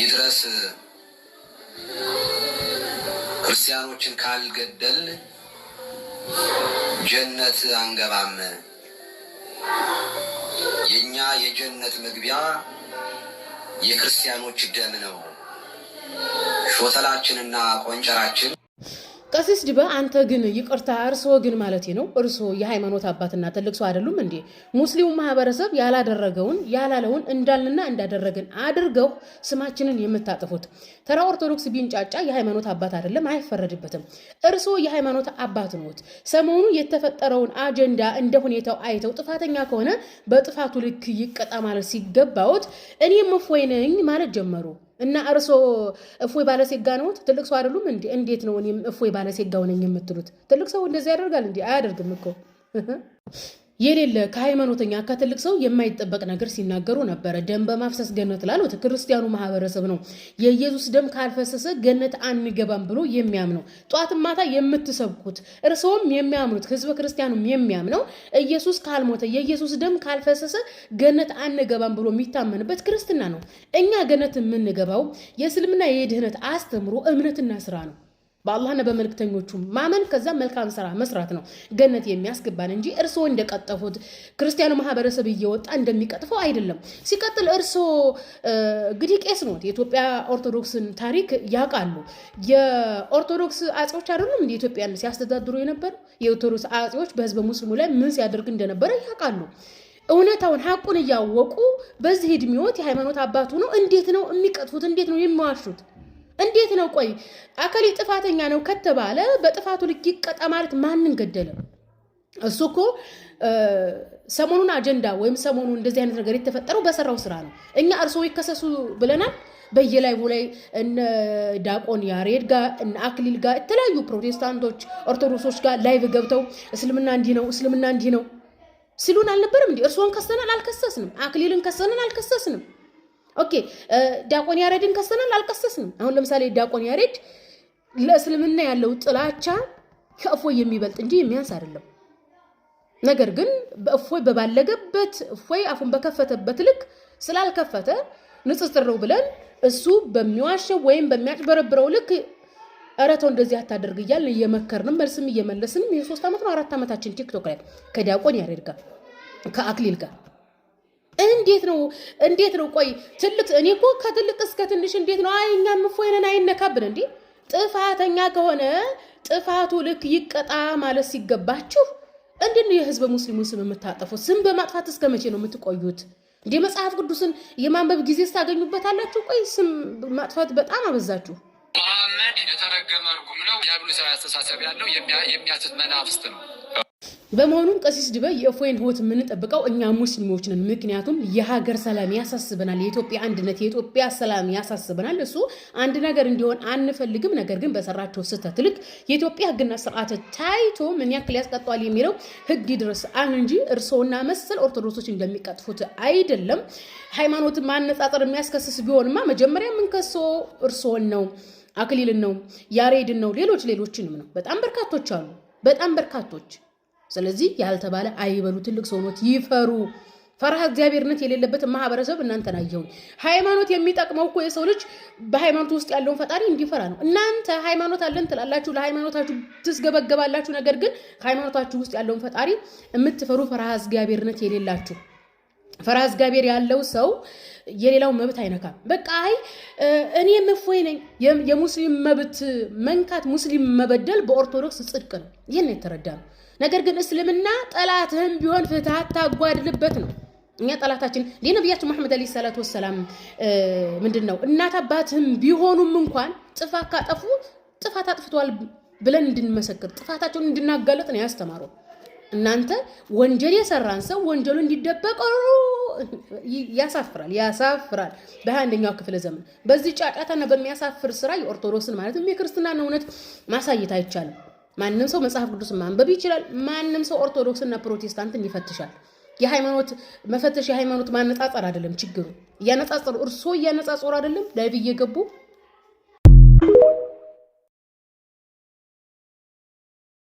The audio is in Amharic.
ይድረስ ክርስቲያኖችን ካልገደል ጀነት አንገባም። የእኛ የጀነት መግቢያ የክርስቲያኖች ደም ነው። ሾተላችንና ቆንጨራችን ቀሲስ ድባ አንተ ግን ይቅርታ፣ እርስዎ ግን ማለት ነው እርስዎ የሃይማኖት አባትና ትልቅ ሰው አይደሉም እንዴ? ሙስሊሙ ማህበረሰብ ያላደረገውን ያላለውን እንዳልንና እንዳደረግን አድርገው ስማችንን የምታጥፉት። ተራ ኦርቶዶክስ ቢንጫጫ የሃይማኖት አባት አይደለም፣ አይፈረድበትም። እርስዎ የሃይማኖት አባት ነዎት። ሰሞኑ የተፈጠረውን አጀንዳ እንደ ሁኔታው አይተው ጥፋተኛ ከሆነ በጥፋቱ ልክ ይቀጣ ማለት ሲገባዎት እኔም እፎይ ነኝ ማለት ጀመሩ። እና እርሶ እፎይ ባለሴጋ ነዎት? ትልቅ ሰው አይደሉም እንዴ? እንዴት ነው እኔም እፎይ ባለሴጋው ነኝ የምትሉት? ትልቅ ሰው እንደዚህ ያደርጋል እንዴ? አያደርግም እኮ የሌለ ከሃይማኖተኛ ከትልቅ ሰው የማይጠበቅ ነገር ሲናገሩ ነበረ። ደም በማፍሰስ ገነት ላሉት ክርስቲያኑ ማህበረሰብ ነው የኢየሱስ ደም ካልፈሰሰ ገነት አንገባም ብሎ የሚያምነው ጧትም ማታ የምትሰብኩት እርስዎም የሚያምኑት ህዝበ ክርስቲያኑም የሚያምነው ኢየሱስ ካልሞተ የኢየሱስ ደም ካልፈሰሰ ገነት አንገባም ብሎ የሚታመንበት ክርስትና ነው። እኛ ገነት የምንገባው የእስልምና የድህነት አስተምሮ እምነትና ስራ ነው። በአላህና በመልክተኞቹ ማመን ከዛ መልካም ስራ መስራት ነው ገነት የሚያስገባን እንጂ እርስዎ እንደቀጠፉት ክርስቲያኑ ማህበረሰብ እየወጣ እንደሚቀጥፈው አይደለም። ሲቀጥል እርስዎ እንግዲህ ቄስ ኖት፣ የኢትዮጵያ ኦርቶዶክስን ታሪክ ያውቃሉ። የኦርቶዶክስ አጼዎች አይደሉም እንደ ኢትዮጵያን ሲያስተዳድሩ የነበሩ የኦርቶዶክስ አጼዎች በህዝበ ሙስሊሙ ላይ ምን ሲያደርግ እንደነበረ ያውቃሉ። እውነታውን ሀቁን እያወቁ በዚህ እድሜዎት የሃይማኖት አባቱ ነው እንዴት ነው የሚቀጥፉት? እንዴት ነው የሚዋሹት? እንዴት ነው? ቆይ አከሌ ጥፋተኛ ነው ከተባለ በጥፋቱ ልክ ይቀጣ ማለት ማንን ገደለ? እሱ እኮ ሰሞኑን አጀንዳ ወይም ሰሞኑ እንደዚህ አይነት ነገር የተፈጠረው በሰራው ስራ ነው። እኛ እርስዎ ይከሰሱ ብለናል። በየላይቡ ላይ እነ ዳቆን ያሬድ ጋር እነ አክሊል ጋር የተለያዩ ፕሮቴስታንቶች፣ ኦርቶዶክሶች ጋር ላይቭ ገብተው እስልምና እንዲህ ነው እስልምና እንዲህ ነው ሲሉን አልነበርም? እንዲ እርስዎን ከሰናል አልከሰስንም፣ አክሊልን ከሰንን አልከሰስንም። ኦኬ ዲያቆን ያሬድን ከሰናል አልቀሰስንም። አሁን ለምሳሌ ዲያቆን ያሬድ ለእስልምና ያለው ጥላቻ ከእፎይ የሚበልጥ እንጂ የሚያንስ አይደለም። ነገር ግን በእፎይ በባለገበት እፎይ አፉን በከፈተበት ልክ ስላልከፈተ ንጽጽር ነው ብለን እሱ በሚዋሸው ወይም በሚያጭበረብረው ልክ ኧረ እንደዚህ አታደርግ እያልን እየመከርንም መልስም እየመለስንም የሶስት ዓመት ነው አራት ዓመታችን ቲክቶክ ላይ ከዲያቆን ያሬድ ጋር ከአክሊል ጋር እንዴት ነው እንዴት ነው? ቆይ ትልቅ እኔ እኮ ከትልቅ እስከ ትንሽ እንዴት ነው? አይ እኛም እፎይ አይነካብን እንዴ? ጥፋተኛ ከሆነ ጥፋቱ ልክ ይቀጣ ማለት ሲገባችሁ እንዴት ነው የህዝበ ሙስሊሙ ስም የምታጠፉት? ስም በማጥፋት እስከ መቼ ነው የምትቆዩት? እንዴ መጽሐፍ ቅዱስን የማንበብ ጊዜ ስታገኙበታላችሁ። ቆይ ስም ማጥፋት በጣም አበዛችሁ። መሐመድ የተረገመ እርጉም ነው። የአብሉ ሰው አስተሳሰብ ያለው የሚያትት መናፍስት ነው በመሆኑም ቀሲስ ድበይ የእፎይን ህይወት የምንጠብቀው እኛ ሙስሊሞች ነን። ምክንያቱም የሀገር ሰላም ያሳስበናል። የኢትዮጵያ አንድነት፣ የኢትዮጵያ ሰላም ያሳስበናል። እሱ አንድ ነገር እንዲሆን አንፈልግም። ነገር ግን በሰራቸው ስህተት ልክ የኢትዮጵያ ህግና ስርዓት ታይቶ ምን ያክል ያስቀጧል የሚለው ህግ ይድረስ እንጂ እርስዎና መሰል ኦርቶዶክሶች እንደሚቀጥፉት አይደለም። ሃይማኖትን ማነጻጸር የሚያስከስስ ቢሆንማ መጀመሪያ የምንከሰው እርስዎን ነው፣ አክሊልን ነው፣ ያሬድን ነው፣ ሌሎች ሌሎችንም ነው። በጣም በርካቶች አሉ። በጣም በርካቶች ስለዚህ ያልተባለ አይበሉ። ትልቅ ሰውኖት ይፈሩ። ፈርሃ እግዚአብሔርነት የሌለበትን ማህበረሰብ እናንተን አየሁኝ። ሃይማኖት የሚጠቅመው እኮ የሰው ልጅ በሃይማኖት ውስጥ ያለውን ፈጣሪ እንዲፈራ ነው። እናንተ ሃይማኖት አለን ትላላችሁ፣ ለሃይማኖታችሁ ትስገበገባላችሁ። ነገር ግን ከሃይማኖታችሁ ውስጥ ያለውን ፈጣሪ የምትፈሩ ፈርሃ እግዚአብሔርነት የሌላችሁ ፈርሃ እግዚአብሔር ያለው ሰው የሌላው መብት አይነካም። በቃ አይ እኔ እፎይ ነኝ። የሙስሊም መብት መንካት ሙስሊም መበደል በኦርቶዶክስ ጽድቅ ነው። ይህን የተረዳ ነው። ነገር ግን እስልምና ጠላትህም ቢሆን ፍትህ ታጓድልበት ነው። እኛ ጠላታችን ይህ ነቢያችን መሐመድ አለይሂ ሰላቱ ወሰላም ምንድን ነው እናት አባትህም ቢሆኑም እንኳን ጥፋት ካጠፉ ጥፋት አጥፍተዋል ብለን እንድንመሰክር ጥፋታቸውን እንድናጋለጥ ነው ያስተማሩ። እናንተ ወንጀል የሰራን ሰው ወንጀሉ እንዲደበቀው ያሳፍራል ያሳፍራል። በ21ኛው ክፍለ ዘመን በዚህ ጫጫታና በሚያሳፍር ስራ የኦርቶዶክስን ማለትም የክርስትናን እውነት ማሳየት አይቻልም። ማንም ሰው መጽሐፍ ቅዱስ ማንበብ ይችላል። ማንም ሰው ኦርቶዶክስና ፕሮቴስታንትን ይፈትሻል። የሃይማኖት መፈተሽ የሃይማኖት ማነጻጸር አይደለም ችግሩ። እያነጻጸሩ እርሶ እያነጻጸሩ አይደለም ላይ ብዬ ገቡ